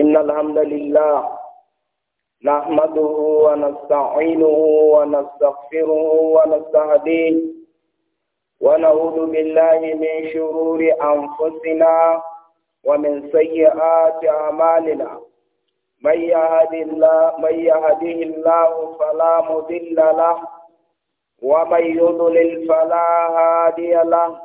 إن الحمد لله نحمده ونستعينه ونستغفره ونستهديه ونعوذ بالله من شرور أنفسنا ومن سيئات أعمالنا من يهد الله يهده الله فلا مضل له ومن يضلل فلا هادي له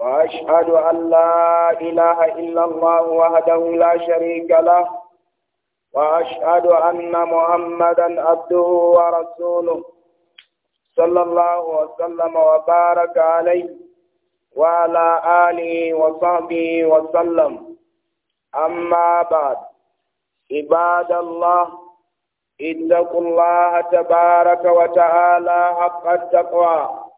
وأشهد أن لا إله إلا الله وحده لا شريك له وأشهد أن محمدا عبده ورسوله صلى الله وسلم وبارك عليه وعلى آله وصحبه وسلم أما بعد عباد الله اتقوا الله تبارك وتعالى حق التقوى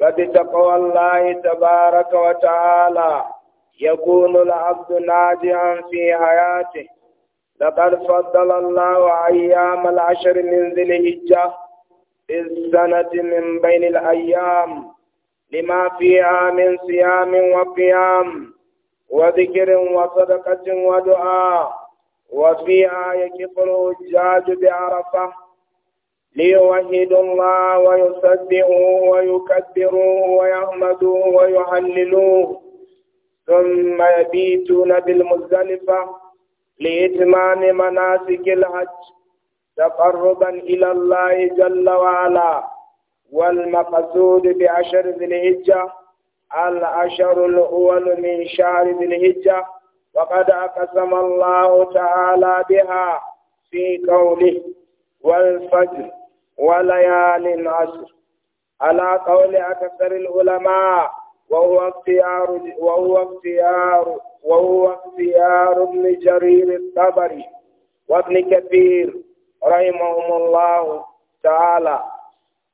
فبتقوى الله تبارك وتعالى يكون العبد ناجعا في حياته لقد فضل الله أيام العشر من ذي الهجة في السنة من بين الأيام لما فيها من صيام وقيام وذكر وصدقة ودعاء وفيها يكف الحجاج بعرفة ليوحدوا الله ويسبحوه ويكبروه ويحمدوه ويهللوه ثم يبيتون بالمزدلفة لإتمام مناسك الحج تقربا إلى الله جل وعلا والمقصود بعشر ذي الهجة العشر الأول من شهر ذي الهجة وقد أقسم الله تعالى بها في قوله والفجر وليال العصر على قول أكثر العلماء وهو اختيار وهو اختيار وهو اختيار ابن جرير الطبري وابن كثير رحمهم الله تعالى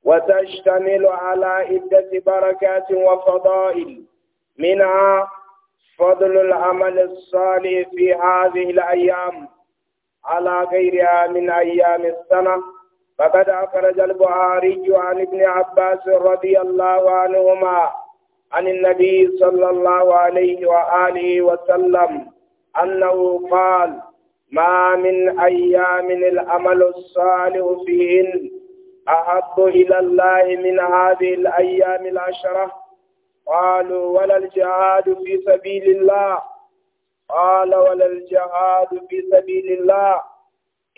وتشتمل على عدة بركات وفضائل منها فضل العمل الصالح في هذه الأيام على غيرها من أيام السنة فقد أخرج البخاري عن ابن عباس رضي الله عنهما عن النبي صلى الله عليه وآله وسلم أنه قال ما من أيام الأمل الصالح فيهن أحب إلى الله من هذه الأيام العشرة قالوا ولا الجهاد في سبيل الله قال ولا الجهاد في سبيل الله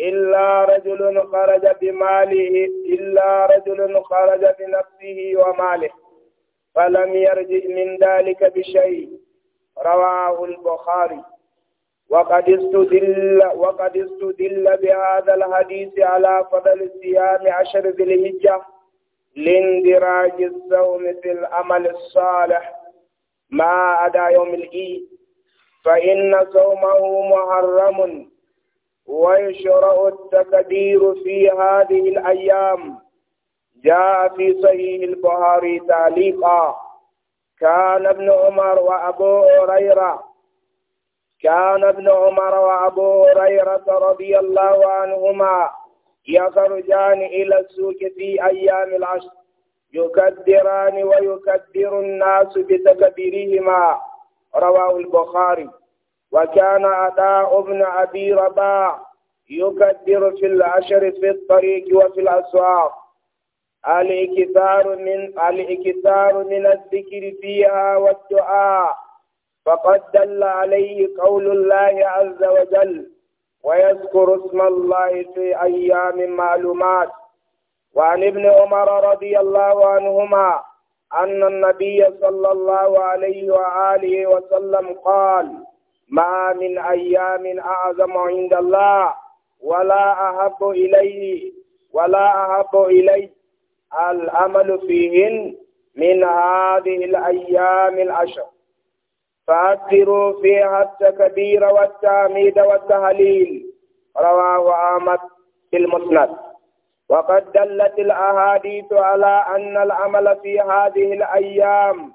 إلا رجل خرج بماله إلا رجل خرج بنفسه وماله فلم يرجع من ذلك بشيء رواه البخاري وقد استدل وقد استدل بهذا الحديث على فضل صيام عشر ذي الهجة لاندراج الصوم في العمل الصالح ما أدى يوم العيد فإن صومه محرم ويشرع التكبير في هذه الأيام جاء في صحيح البخاري تعليقا كان ابن عمر وأبو هريرة كان ابن عمر وأبو هريرة رضي الله عنهما يخرجان إلى السوق في أيام العشر يكدران ويكدر الناس بتكبيرهما رواه البخاري وكان عطاء بن أبي رباح يكدر في العشر في الطريق وفي الأسواق الإكثار من الإكثار من الذكر فيها والدعاء فقد دل عليه قول الله عز وجل ويذكر اسم الله في أيام معلومات وعن ابن عمر رضي الله عنهما أن النبي صلى الله عليه وآله وسلم قال ما من أيام أعظم عند الله ولا أحب إليه ولا أحب إلي الأمل فيهن من هذه الأيام العشر فأكثروا فيها التكبير والتعميد والتهليل رواه أحمد في المسند وقد دلت الأحاديث على أن العمل في هذه الأيام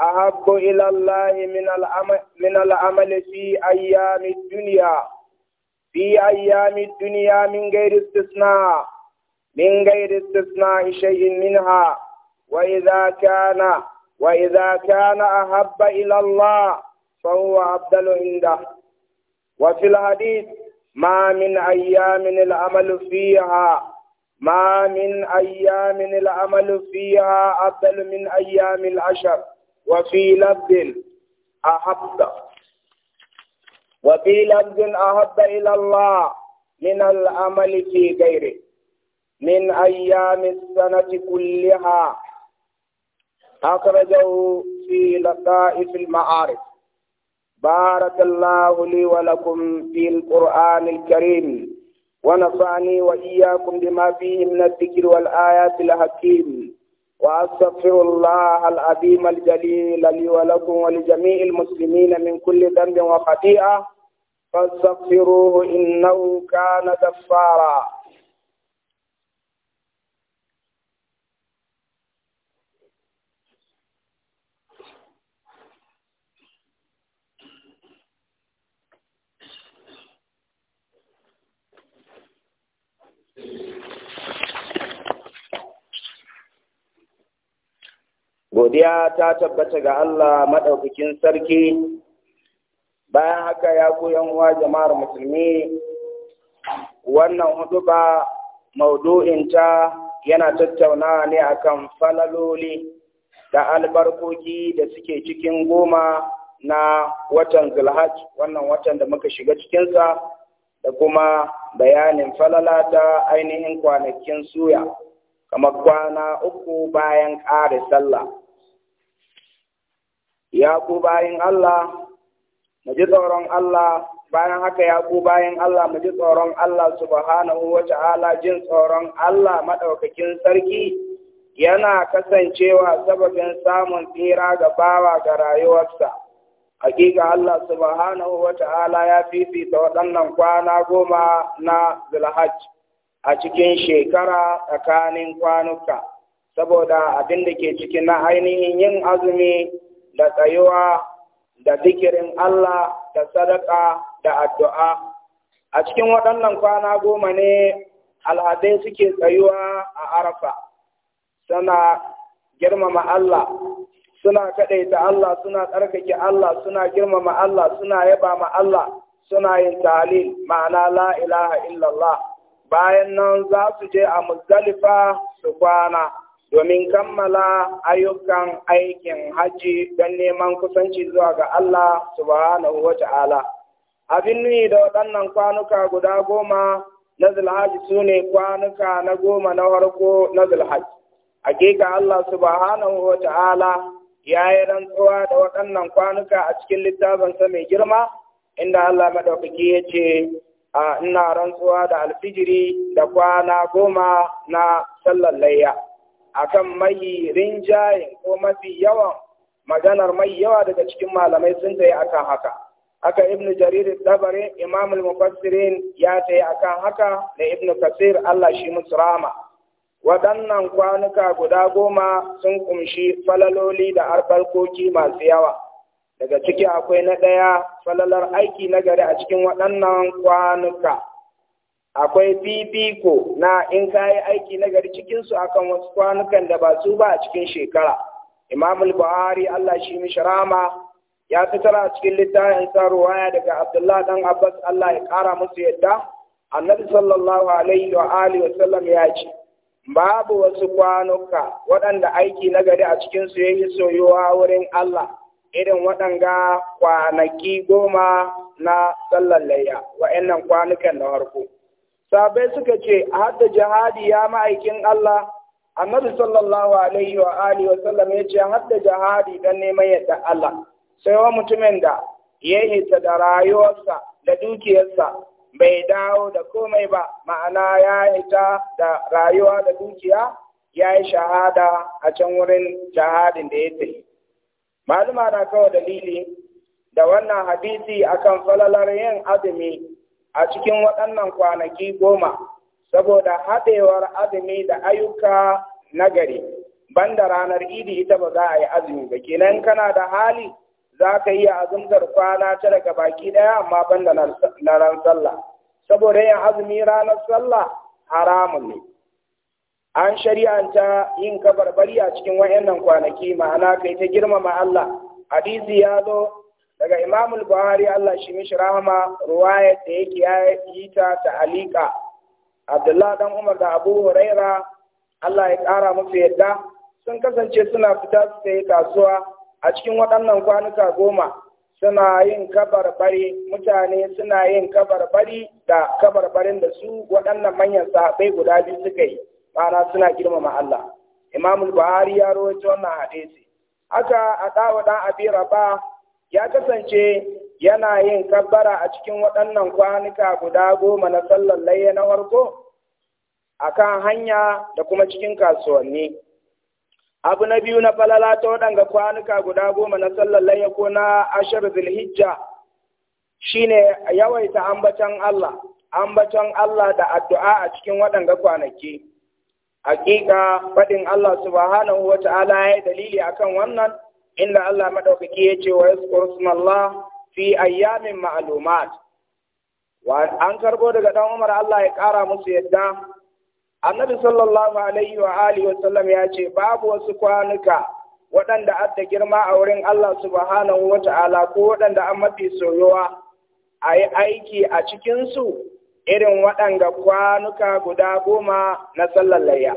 أحب إلى الله من العمل من العمل في أيام الدنيا في أيام الدنيا من غير استثناء من غير استثناء شيء منها وإذا كان وإذا كان أحب إلى الله فهو أفضل عنده وفي الحديث ما من أيام العمل فيها ما من أيام العمل فيها أفضل من أيام العشر وفي لفظ أحب وفي لفظ أحب إلى الله من العمل في غيره من أيام السنة كلها أخرجه في لطائف المعارف بارك الله لي ولكم في القرآن الكريم ونفعني وإياكم بما فيه من الذكر والآيات الحكيم وأستغفر الله العظيم الجليل لي ولكم ولجميع المسلمين من كل ذنب وخطيئة فاستغفروه إنه كان غفارا Thank you. godiya ta tabbata ga Allah maɗaukakin sarki bayan haka ya koyan wa jama'ar musulmi wannan huduba maudu'inta yana tattaunawa ne akan falaloli da albarkoki da suke cikin goma na watan zulhaj wannan watan da muka shiga cikinsa da kuma bayanin falala ta ainihin kwanakin suya kamar kwana uku bayan ƙare sallah ya ku bayan Allah tsoron Allah bayan haka ya ku bayan Allah muji tsoron Allah subhanahu wa ta'ala jin tsoron Allah madaukakin sarki yana kasancewa sababin samun tsira ga bawa ga rayuwarsa hakika Allah subhanahu wa ta'ala ya fifita waɗannan kwana goma na Zulhajj a cikin shekara tsakanin kwanuka saboda abin da ke cikin na ainihin yin azumi da tsayuwa da zikirin Allah da sadaka da addu'a a cikin waɗannan kwana goma ne al'adai suke tsayuwa a arafa suna girmama Allah suna kaɗaita Allah suna tsarkake Allah suna girmama Allah suna yaba ma Allah suna yin tali ma'ana la ilaha illallah bayan nan za su je a muzdalifa su kwana domin kammala ayyukan aikin hajji don neman kusanci zuwa ga Allah subhanahu wa ta'ala. Abin nuni da waɗannan kwanuka guda goma na zulhaji su ne kwanuka na goma na harko na zulhaji. Hakika Allah subhanahu wa ta'ala ya yi rantsuwa da waɗannan kwanuka a cikin littafinsa mai girma, inda Allah maɗaukaki ya ce, ina rantsuwa da alfijiri da kwana goma na sallar layya akan mai rinjaye ko mafi yawan maganar mai yawa daga cikin malamai sun tayi akan haka haka ibnu jarir dabarin imam al-mufassirin ya tayi akan haka da ibnu kasir Allah shi musu rama waɗannan kwanuka guda goma sun kumshi falaloli da arbalkoki masu yawa daga ciki akwai na ɗaya falalar aiki na gari a cikin waɗannan kwanuka akwai fifiko na in kayi aiki nagari cikinsu akan wasu kwanukan da ba su ba a cikin shekara imam al-buhari allah shi mi sharama ya fitar a cikin littafin sa ruwaya daga abdullahi dan abbas allah ya kara musu yadda annabi sallallahu alaihi wa wa sallam ya ce babu wasu kwanuka waɗanda aiki nagari a cikinsu ya yi soyuwa wurin allah irin waɗanga kwanaki goma na sallallayya, wa'annan kwanukan na farko. sabai suka ce hadda jihadi ya ma'aikin Allah annabi sallallahu alaihi wa alihi wa sallam ya ce hadda jihadi dan neman yadda Allah sai wa mutumin da ya ta da rayuwarsa da dukiyarsa bai dawo da komai ba ma'ana ya ta da rayuwa da dukiya ya yi shahada a can wurin jihadin da ya tafi maluma na kawo dalili da wannan hadisi akan falalar yin azumi a cikin waɗannan kwanaki goma saboda haɗewar azumi da ayyuka nagari banda ranar idi ita ba za a yi azumi ba kenan kana da hali za ka iya azumtar kwana ta daga baki ɗaya amma banda na ran sallah saboda yin azumi ranar sallah haramun ne an shari'anta yin kabarbari a cikin wa'annan kwanaki ma'ana kai ta girmama Allah hadisi ya zo daga Imamul buhari Allah shi mishi rahama ruwaya da yake ya yi ta ta'alika Abdullah dan Umar da Abu Huraira Allah ya ƙara musu yadda sun kasance suna fita su sayi kasuwa a cikin waɗannan kwanuka goma suna yin kabarbari mutane suna yin kabarbari da kabarbarin da su waɗannan manyan sahabbai guda biyu suka yi ma'ana suna girmama Allah Imamul buhari ya rawaito wannan hadisi haka a dawo dan Abi Rabah ya kasance yana yin kabbara a cikin waɗannan kwanuka guda goma na sallar layya na farko a kan hanya da kuma cikin kasuwanni. Abu na biyu na falala ta waɗanga kwanuka guda goma na sallar layya ko na ashir zilhijja shine yawaita ambaton Allah, ambaton Allah da addu'a a cikin waɗanga kwanaki. Hakika faɗin Allah subhanahu wa ta'ala ya yi dalili akan wannan inda Allah maɗaukaki ya ce wa yazkur Allah fi ayyamin maalumat wa an karɓo daga ɗan Umar Allah ya kara musu yadda Annabi sallallahu alaihi wa alihi wa sallam ya ce babu wasu kwanuka waɗanda adda girma a wurin Allah subhanahu wa ta'ala ko waɗanda an mafi soyuwa a yi aiki a cikinsu irin waɗanga kwanuka guda goma na sallallayya.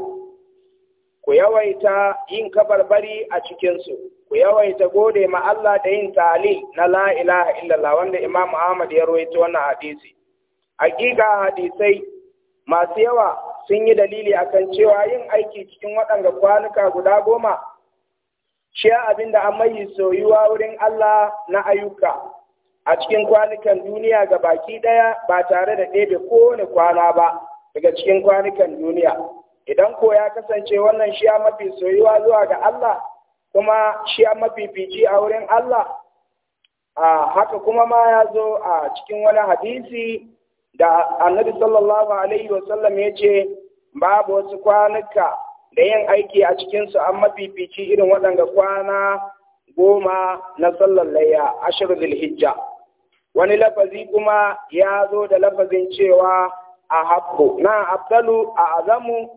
ku yawaita yin kabarbari a cikinsu, ku yawaita gode ma Allah da yin tali na la ilaha illallah wanda Imam Ahmad ya rawaito wannan hadisi. Hakika hadisai masu yawa sun yi dalili akan cewa yin aiki cikin waɗanda kwanuka guda goma shi abin da an mai soyuwa wurin Allah na ayyuka a cikin kwanukan duniya ga baki ɗaya ba tare da ɗebe kowane kwana ba daga cikin kwanukan duniya. idan ko ya kasance wannan shi mafi soyuwa zuwa ga Allah kuma shi mafi fici a wurin Allah a haka kuma ma ya zo a cikin wani hadisi da annabi sallallahu alaihi wasallam ya ce babu wasu kwanuka da yin aiki a cikinsu an mafifici irin waɗanda kwana goma na sallar layya ashirin zilhijja wani lafazi kuma ya zo da lafazin cewa a habbo na abdalu a azamu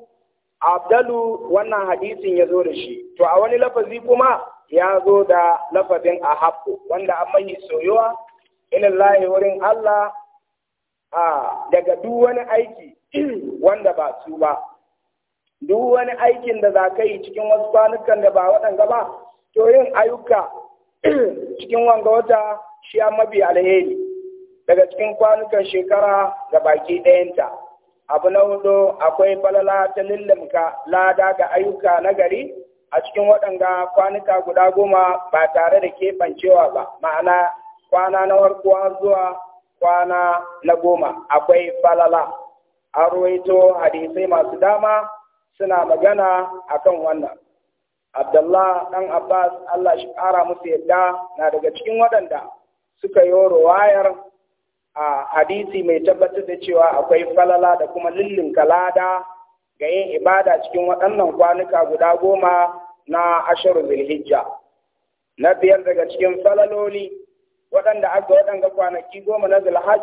abdalu wannan hadisin ya zo da shi to a wani lafazi kuma ya zo da lafazin haku wanda an mai soyuwa ilallahi wurin Allah daga duk wani aiki wanda ba su ba duk wani aikin da za ka yi cikin wasu kwanukan da ba waɗanga ba to yin ayyuka cikin wanga wata shi mafi alheri daga cikin kwanukan shekara ga baki ɗayanta abu na hudu akwai falala ta lillimka lada ga ayyuka na gari a cikin waɗanda kwanuka guda goma ba tare da keɓancewa ba ma'ana kwana na warkuwa zuwa kwana na goma akwai falala an ruwaito hadisai masu dama suna magana a kan wannan abdullah ɗan abbas allah shi ƙara musu yadda na daga cikin waɗanda suka yi wayar a hadisi mai tabbatar da cewa akwai falala da kuma lillin kalada ga yin ibada cikin waɗannan kwanuka guda goma na ashiru zulhijja na biyar daga cikin falaloli waɗanda aka waɗanga kwanaki goma na zulhaj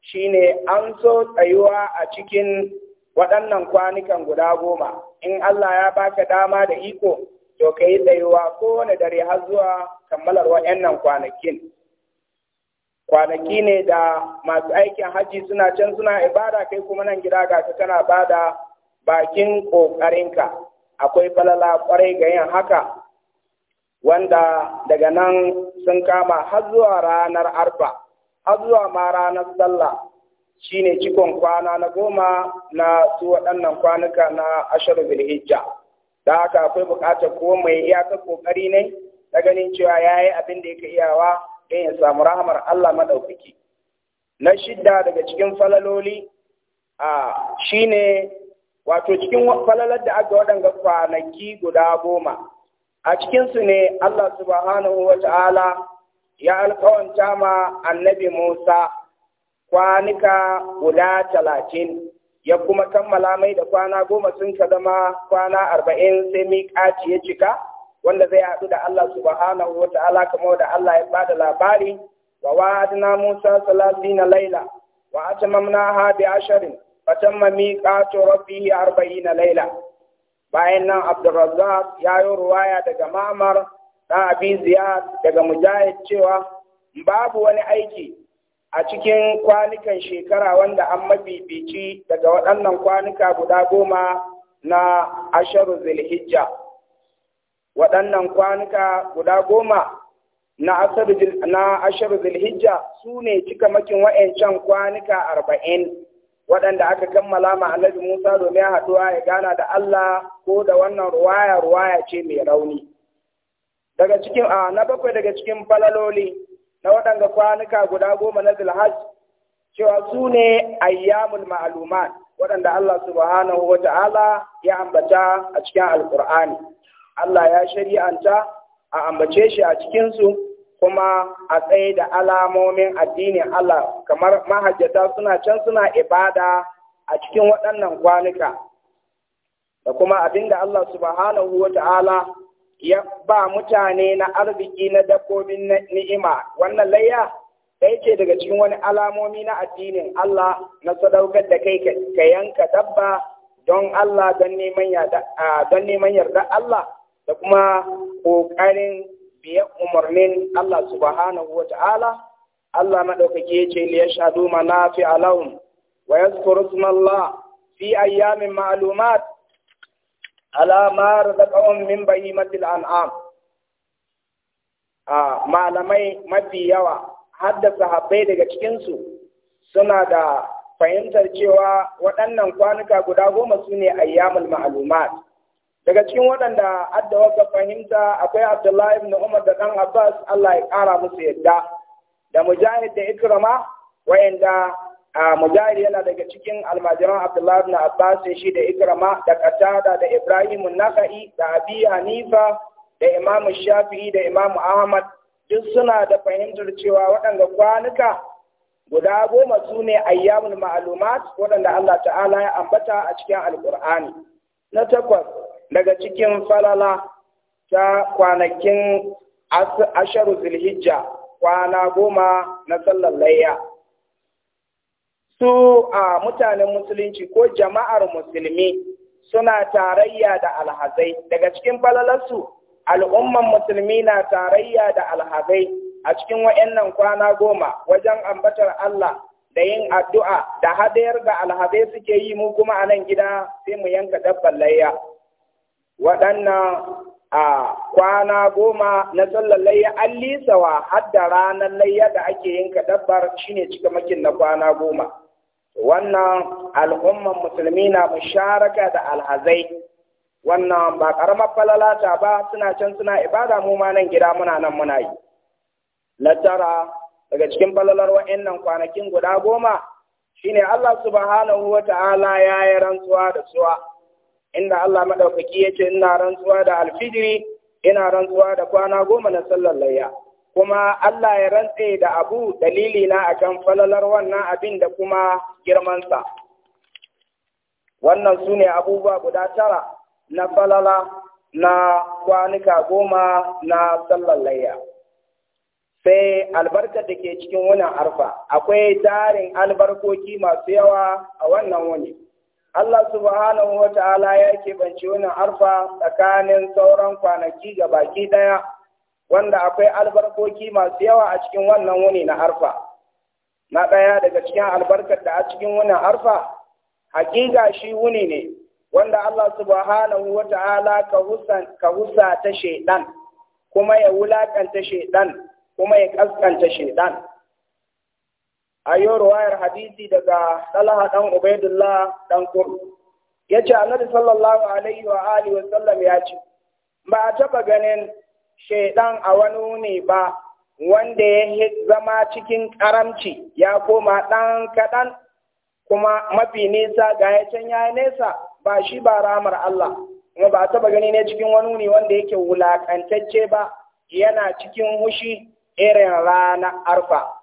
shine an so tsayuwa a cikin waɗannan kwanukan guda goma in Allah ya baka dama da iko to ka yi tsayuwa kowane dare har zuwa kammalar waɗannan kwanakin kwanaki ne da masu aikin haji suna can suna ibada kai kuma nan gida ga ka kana da bakin ƙoƙarinka akwai falala kwarai ga yin haka wanda daga nan sun kama har zuwa ranar arba har zuwa ma ranar sallah shine cikon kwana na goma na su waɗannan kwanuka na ashiru bilhijja da haka akwai buƙatar ko mai iyakar ƙoƙari ne ta ganin cewa ya yi abin da yake iyawa in ya samu rahamar Allah maɗaukaki. Na shidda daga cikin falaloli a shi ne wato cikin falalar da aka waɗanga kwanaki guda goma. A cikinsu ne Allah subhanahu wa ta'ala ya alkawanta ma annabi Musa kwanika guda talatin. ya kuma kammala mai da kwana goma sun ka zama kwana arba'in sai ƙaci ya cika wanda zai haɗu da Allah subhanahu wa ta'ala kamar da Allah ya bada labari wa wa'adna Musa salatina laila wa ha bi asharin fa tamma miqatu rabbih 40 laila bayan nan Abdulrazak ya yi ruwaya daga Mamar da Abi Ziyad daga Mujahid cewa babu wani aiki a cikin kwanukan shekara wanda an mabibici daga waɗannan kwanuka guda goma na asharu zilhijja. waɗannan kwanuka guda goma na ashar zilhijja su ne cika makin wa'ancan kwanuka arba'in waɗanda aka kammala ma annabi Musa domin haɗuwa ya gana da Allah ko da wannan ruwaya ruwaya ce mai rauni. Daga cikin a na bakwai daga cikin falaloli na waɗanda kwanuka guda goma na zilhaj cewa su ne ayyamul ma'aluman waɗanda Allah subhanahu wa ta'ala ya ambata a cikin alkur'ani. Allah ya shari'anta a ambace shi a cikinsu kuma a tsaye da alamomin addinin Allah kamar mahajjata suna can suna ibada a cikin waɗannan kwanuka da kuma abinda Allah subhanahu wa ta'ala ya ba mutane na arziki na dabbobin ni'ima wannan layya ɗaya ce daga cikin wani alamomi na addinin Allah na sadaukar da kai ka yanka dabba don Allah don neman yarda Allah da kuma ƙoƙarin biyan umarnin Allah subhanahu wa ta'ala Allah maɗaukaki ce li ma manafi alaun, wa yadhkuru fi ayyamin ma'lumat ala da razaqahum min matil an'am a malamai mafi yawa har da daga cikinsu suna da fahimtar cewa waɗannan kwanuka guda goma su ne ayyamul ma'lumat daga cikin waɗanda adda wata fahimta akwai abdullahi ibn umar da dan abbas Allah ya ƙara musu yadda da mujahid da ikrama wa'anda mujahid yana daga cikin almajiran abdullahi ibn abbas shi da ikrama da qatada da ibrahim an da abi hanifa da imam shafi'i da imam ahmad duk suna da fahimtar cewa waɗanda kwanuka guda goma su ne ayyamul ma'lumat waɗanda Allah ta'ala ya ambata a cikin alqur'ani na takwas daga cikin falala ta kwanakin asharu zilhijja kwana goma na sallar layya su a mutanen musulunci ko jama'ar musulmi suna tarayya da alhazai daga cikin falalarsu al'umman musulmi na tarayya da alhazai a cikin wa'annan kwana goma wajen ambatar Allah da yin addu'a da hadayar da alhazai suke yi mu kuma a nan gida sai mu yanka dabbar layya waɗannan a kwana goma na sallar layya an lisawa har da ranar layya da ake yin shi shine cika makin na kwana goma wannan al'umman musulmi na musharaka da alhazai wannan ba karamar falalata ba suna can suna ibada mu ma nan gida muna nan muna yi na tara daga cikin falalar wa'annan kwanakin guda goma shi ne Allah subhanahu wa ta'ala ya yi rantsuwa da suwa inda Allah madaukaki yace ina rantsuwa da alfijiri ina rantsuwa da kwana goma na sallar layya kuma Allah ya rantse da abu dalili na akan falalar wannan abin da kuma girmansa wannan sune ne abubuwa guda tara na falala na kwanuka goma na sallar layya sai albarka da ke cikin wannan arfa akwai tarin albarkoki masu yawa a wannan wani. Allah subhanahu wa ta'ala ya banci wani arfa tsakanin sauran kwanaki ga baki ɗaya, wanda akwai albarkoki masu yawa a cikin wannan wuni na arfa. Na ɗaya daga cikin albarkar da a cikin wani arfa, hakika shi wuni ne, wanda Allah subhanahu wa ta'ala ka husa ta shaiɗan, kuma ya wulaƙanta shaiɗan, kuma ya ƙaskanta shaiɗan. ayo ruwayar hadisi daga Talha dan Ubaidullah dan Qur'an yace Annabi sallallahu alaihi wa alihi wa sallam ya ce ba a taba ganin shaidan a wani wuni ba wanda ya zama cikin karamci ya koma dan kadan kuma mafi nesa ga ya can ya nesa ba shi ba ramar Allah kuma ba a taba gani ne cikin wani wuni wanda yake wulakantacce ba yana cikin hushi irin rana arfa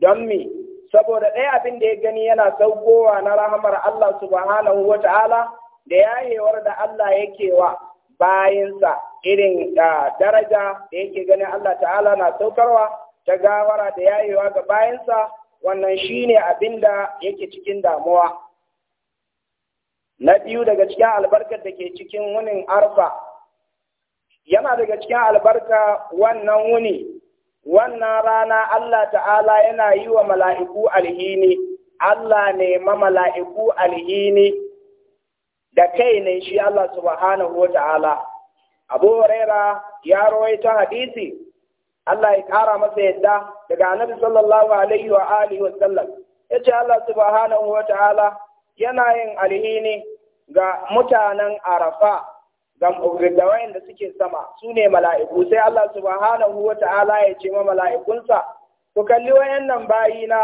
don me saboda ɗaya abin da ya gani yana saukowa na rahamar Allah subhanahu wa ta'ala da yayewar da Allah yake wa bayansa irin daraja da yake ganin Allah ta'ala na saukarwa ta gawara da yahewa ga bayansa wannan shine abin da yake cikin damuwa na biyu daga cikin albarkar da ke cikin wunin arfa yana daga cikin albarka wannan wuni wannan rana Allah ta'ala yana yi wa mala'iku alhini, Allah ne ma mala'iku alhini da kai ne shi Allah subhanahu wa ta'ala. Abu Huraira ya rawaita hadisi, Allah ya ƙara masa yadda daga annabi sallallahu alaihi wa alihi wa sallam. Ya ce Allah subhanahu wa ta'ala yana yin alhini ga mutanen Arafa. da suke sama su ne mala'iku sai Allah subhanahu wa ta'ala ya ce ma mala'ikunsa ku kalli wayannan bayina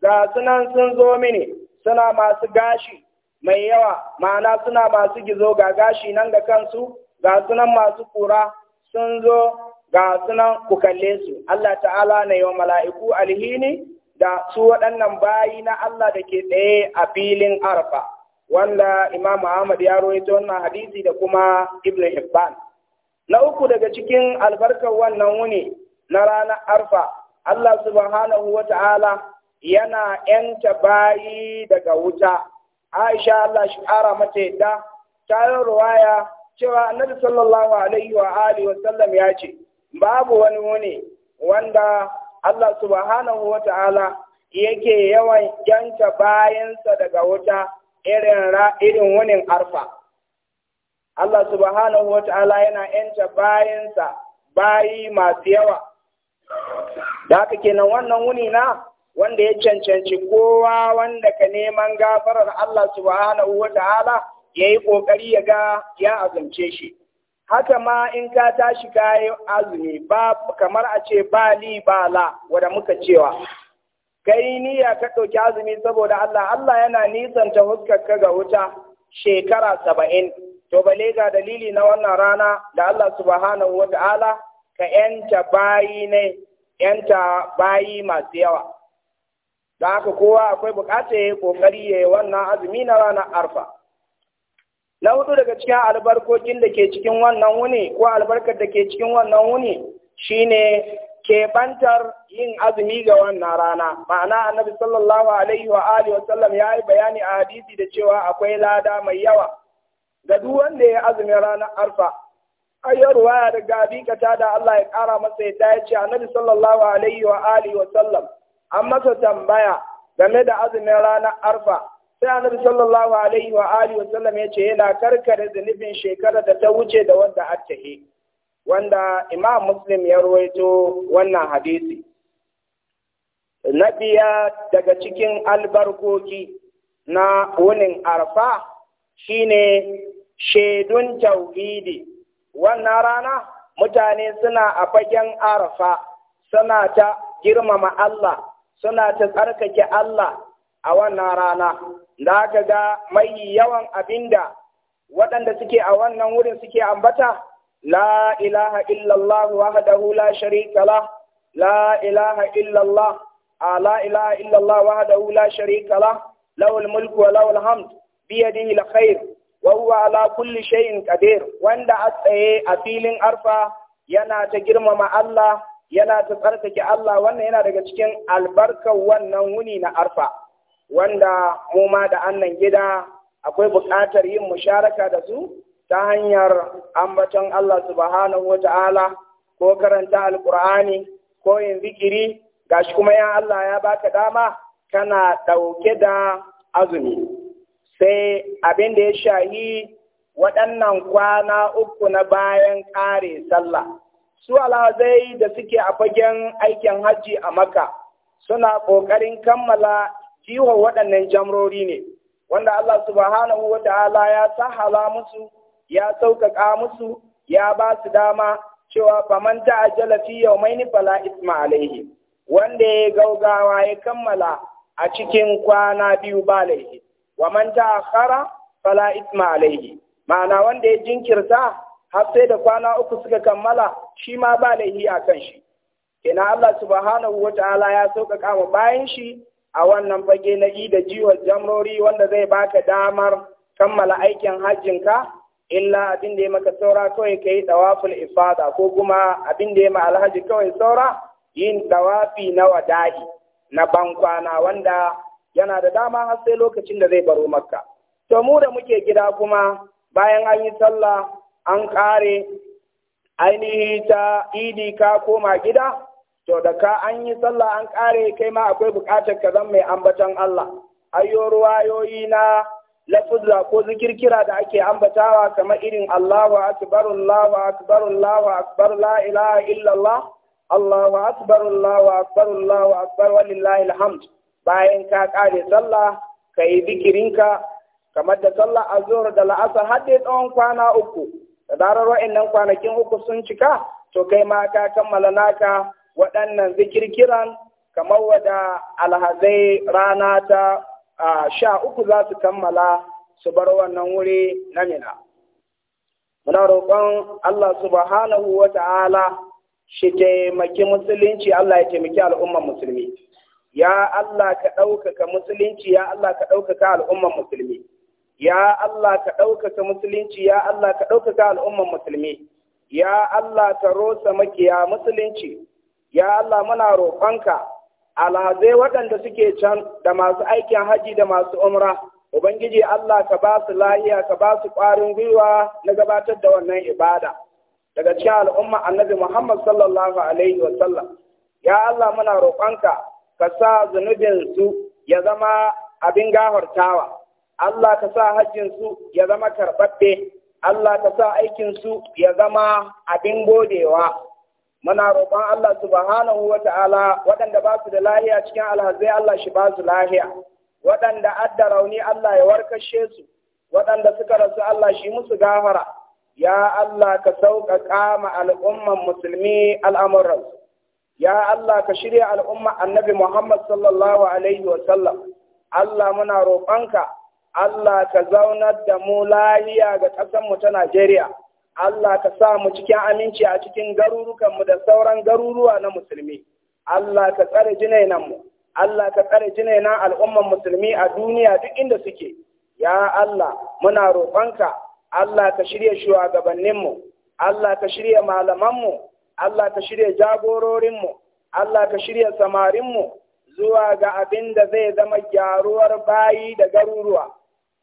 ga sunan sun zo mini suna masu gashi mai yawa ma'ana suna masu gizo ga gashi nan da kansu ga sunan masu kura sun zo ga sunan ku kalle su Allah ta'ala na yi wa mala'iku alhini da su waɗannan bayi na Allah da ke tsaye a filin arfa wanda Imam Ahmad ya rawaito wannan hadisi da kuma Ibn Hibban na uku daga cikin albarkar wannan wuni na ranar Arfa Allah subhanahu wa yana ‘yanta bayi daga wuta, Aisha Allah shi ƙara mata yadda, yi ruwaya cewa annabi sallallahu alaihi wa alihi wasallam ya ce, babu wani wuni wanda Allah subhanahu wa ta'ala yake yawan ‘yanta bayansa daga wuta irin ra irin wunin arfa Allah subhanahu wa ta'ala yana yanta bayansa bayi masu yawa da haka kenan wannan wuni na wanda ya cancanci kowa wanda ka neman gafarar Allah subhanahu wa ta'ala ya yi ƙoƙari ya ga ya azumce shi. Haka ma in ka tashi kayan azumi ba kamar a ce ba li ba la wadda muka cewa kai niyya ka ɗauki azumi saboda Allah Allah yana nisanta huskarka ga wuta shekara saba'in to bale ga dalili na wannan rana da Allah subhanahu wa ta'ala ka yanta bayi ne yanta bayi masu yawa da haka kowa akwai bukata ya kokari ya yi wannan azumi na ranar arfa na hudu daga cikin albarkokin da ke cikin wannan wuni ko albarkar da ke cikin wannan wuni shine keɓantar yin azumi ga wannan rana ma'ana annabi sallallahu alaihi wa alihi wa sallam ya yi bayani a hadisi da cewa akwai lada mai yawa ga duk wanda ya azumi ranar arfa ayyar ruwaya da gabi kata da Allah ya kara masa yadda ya ce annabi sallallahu alaihi wa alihi wa sallam an masa tambaya game da azumin ranar arfa sai annabi sallallahu alaihi wa alihi wa sallam ya ce yana karkare zunubin shekarar da ta wuce da wanda yi wanda Imam Muslim ya ruwaito wannan hadisi. Na biya daga cikin albarkoki na wunin arfa shine shaidun tauhidi. Wannan rana mutane suna a fagen arfa, suna ta girmama Allah, suna ta tsarkake Allah a wannan rana. Da aka ga mai yawan abinda waɗanda suke a wannan wurin suke ambata. لا إله إلا الله وحده لا شريك له لا إله إلا الله لا إله إلا الله وحده لا شريك له له الملك وله الحمد بيده الخير وهو على كل شيء قدير وند أتأي أفيلين أرفا ينا تجرم مع الله ينا تتركك الله وانا ينا تجرم البركة وانا ونين أرفا wanda mu ma da annan gida akwai buƙatar yin musharaka da su ta hanyar ambaton Allah subhanahu wa ta'ala ko karanta alkur'ani ko yin zikiri shi kuma ya Allah ya baka dama kana ɗauke da azumi sai abin da ya shahi waɗannan kwana uku na bayan ƙare sallah su alhazai da suke a fagen aikin hajji a maka suna ƙoƙarin kammala jiwon waɗannan jamrori ne wanda Allah subhanahu wa ta'ala ya sahala musu ya sauƙaƙa musu ya ba su dama cewa faman ta'ajjala fi yawmaini fala isma alaihi wanda ya gaugawa ya kammala a cikin kwana biyu ba laihi wa man ta'akhara fala isma alaihi ma'ana wanda ya jinkirta har sai da kwana uku suka kammala shi ma ba laihi a kan shi Ina Allah subhanahu wa ta'ala ya sauƙaƙa ma bayan shi a wannan fage na da jiwa jamrori wanda zai baka damar kammala aikin hajjinka illa abin da ya maka saura kawai ka yi tsawafin ifada ko kuma abin da ya ma alhaji kawai saura yin tawafi na wada'i na bankwana wanda yana da dama har sai lokacin da zai baro makka to mu da muke gida kuma bayan an yi sallah an kare ainihi ta idi ka koma gida to da ka an yi sallah an kare kai ma akwai bukatar ka zan mai ambaton Allah ayyo ruwayoyi na lafuzza ko zikirkira da ake ambatawa kamar irin Allahu akbar Allahu akbar Allahu akbar la ilaha Allah Allahu akbar Allahu akbar Allahu akbar walillahi alhamd bayan ka kare sallah kai zikirinka kamar da sallah azhar da la'asar har dai tsawon kwana uku da zarar wa'annan kwanakin uku sun cika to kai ma ka kammala naka waɗannan zikirkiran kamar wada alhazai rana ta sha uku za su kammala su bar wannan wuri na mina. Muna roƙon Allah subhanahu wa ta'ala shi taimaki musulunci Allah ya taimaki al'umman musulmi. Ya Allah ka ɗaukaka musulunci, ya Allah ka ɗaukaka al'umman musulmi. Ya Allah ka ɗaukaka musulunci, ya Allah ka ɗaukaka al'umman musulmi. Ya Allah ka rosa makiya musulunci, ya Allah muna roƙonka alhazai waɗanda suke can da masu aikin haji da masu umra ubangiji Allah ka ba su lahiya ka ba su ƙwarin gwiwa na gabatar da wannan ibada daga cikin al'umma annabi Muhammad sallallahu alaihi wa sallam ya Allah muna roƙonka ka sa zunubin su ya zama abin gafartawa Allah ka sa hajjin su ya zama karɓaɓɓe Allah ka sa aikin su ya zama abin godewa muna roƙon Allah subhanahu wa ta'ala waɗanda ba su da lahiya cikin alhazai Allah shi ba su lahiya waɗanda adda rauni Allah ya warkashe su waɗanda suka rasu Allah shi musu gafara ya Allah ka sauƙaƙa ma al'umman musulmi al'amuran. ya Allah ka shirya al'umma annabi Muhammad sallallahu Alaihi Sallam. Allah muna roƙonka, Allah ka zaunar da mu lahiya ga ƙasarmu ta Najeriya, Allah ka sa mu cikin aminci a cikin garurukanmu da sauran garuruwa na musulmi. Allah ka tsare jinainanmu, Allah ka tsare jinainan al'umman musulmi a duniya duk inda suke. Ya Allah, muna roƙonka, Allah ka shirya shugabanninmu, Allah ka shirya malamanmu, Allah ka shirya jagororinmu, Allah ka shirya samarinmu zuwa ga abin da zai zama gyaruwar bayi da garuruwa.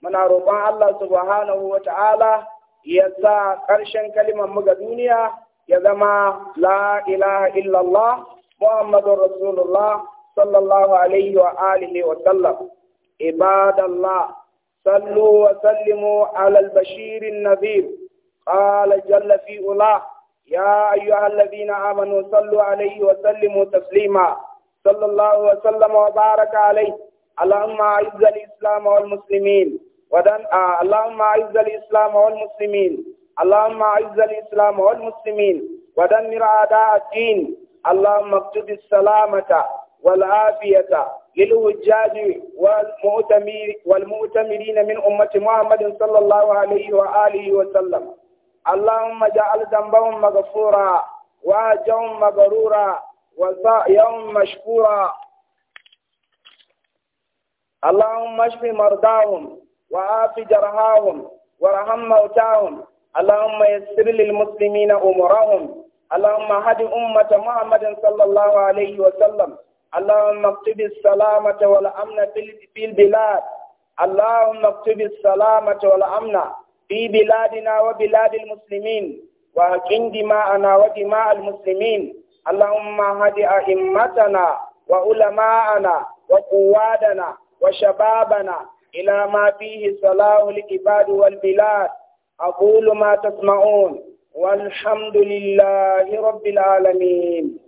Muna roƙon Allah subhanahu wa ta'ala يزا قرشن كلمة مغا دنيا يزما لا إله إلا الله محمد رسول الله صلى الله عليه وآله وسلم عباد الله صلوا وسلموا على البشير النذير قال جل في الله يا أيها الذين آمنوا صلوا عليه وسلموا تسليما صلى الله وسلم وبارك عليه اللهم أعز الإسلام والمسلمين ودن آه اللهم أعز الإسلام والمسلمين اللهم أعز الإسلام والمسلمين ودمر أعداء الدين اللهم اكتب السلامة والعافية للوجاج والمؤتمر والمؤتمرين من أمة محمد صلى الله عليه وآله وسلم اللهم اجعل ذنبهم مغفورا وأجرهم مبرورا وسعيهم مشكورا اللهم اشف مرضاهم وعاف جرحاهم وارحم موتاهم اللهم يسر للمسلمين أمورهم اللهم هد أمة محمد صلى الله عليه وسلم اللهم اكتب السلامة والأمن في البلاد اللهم اكتب السلامة والأمن في بلادنا وبلاد المسلمين وأكن دماءنا ودماء المسلمين اللهم هد أئمتنا وعلماءنا وقوادنا وشبابنا إلى ما فيه صلاح العباد والبلاد أقول ما تسمعون والحمد لله رب العالمين